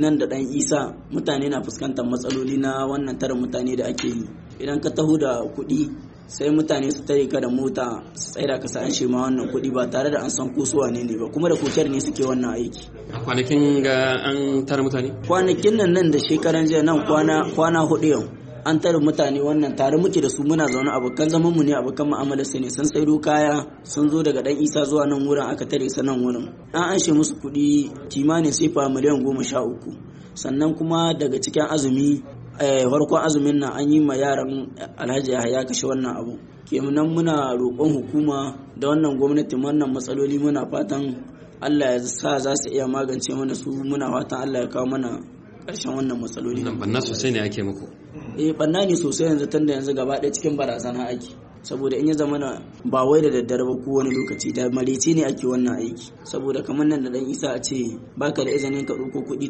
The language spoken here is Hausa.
nan da ɗan isa mutane na fuskantar matsaloli na wannan tara mutane da ake yi idan ka taho da kuɗi sai mutane su tare ka da mota su tsaida ka sa'an shi ma wannan kuɗi ba tare da an san ko suwa ne ba kuma da kokiyar ne suke wannan aiki a kwanakin ga an tara mutane kwanakin nan nan da shekaran jiya nan kwana kwana hudu yau an tara mutane wannan tare muke da su muna zaune abokan zaman mu ne abokan mu'amalar sai ne sun do kaya sun zo daga dan isa zuwa nan wurin aka tare sa nan wurin an anshe musu kuɗi kimanin sai fa miliyan goma sha uku sannan kuma daga cikin azumi eh, farkon azumin nan an yi ma yaran alhaji ya kashe wannan abu kemunan muna roƙon hukuma da wannan gwamnati wannan matsaloli muna fatan allah ya sa za su iya magance mana su muna fatan allah ya kawo mana ƙarshen wannan matsaloli. Nan sosai ne ake muku. eh banna ne sosai yanzu tunda yanzu gaba ɗaya cikin barazana ake saboda in ya zama ba wai da daddare ba ko wani lokaci da maleci ne ake wannan aiki saboda kamar nan da dan isa a ce baka da izinin ka ɗauko kuɗi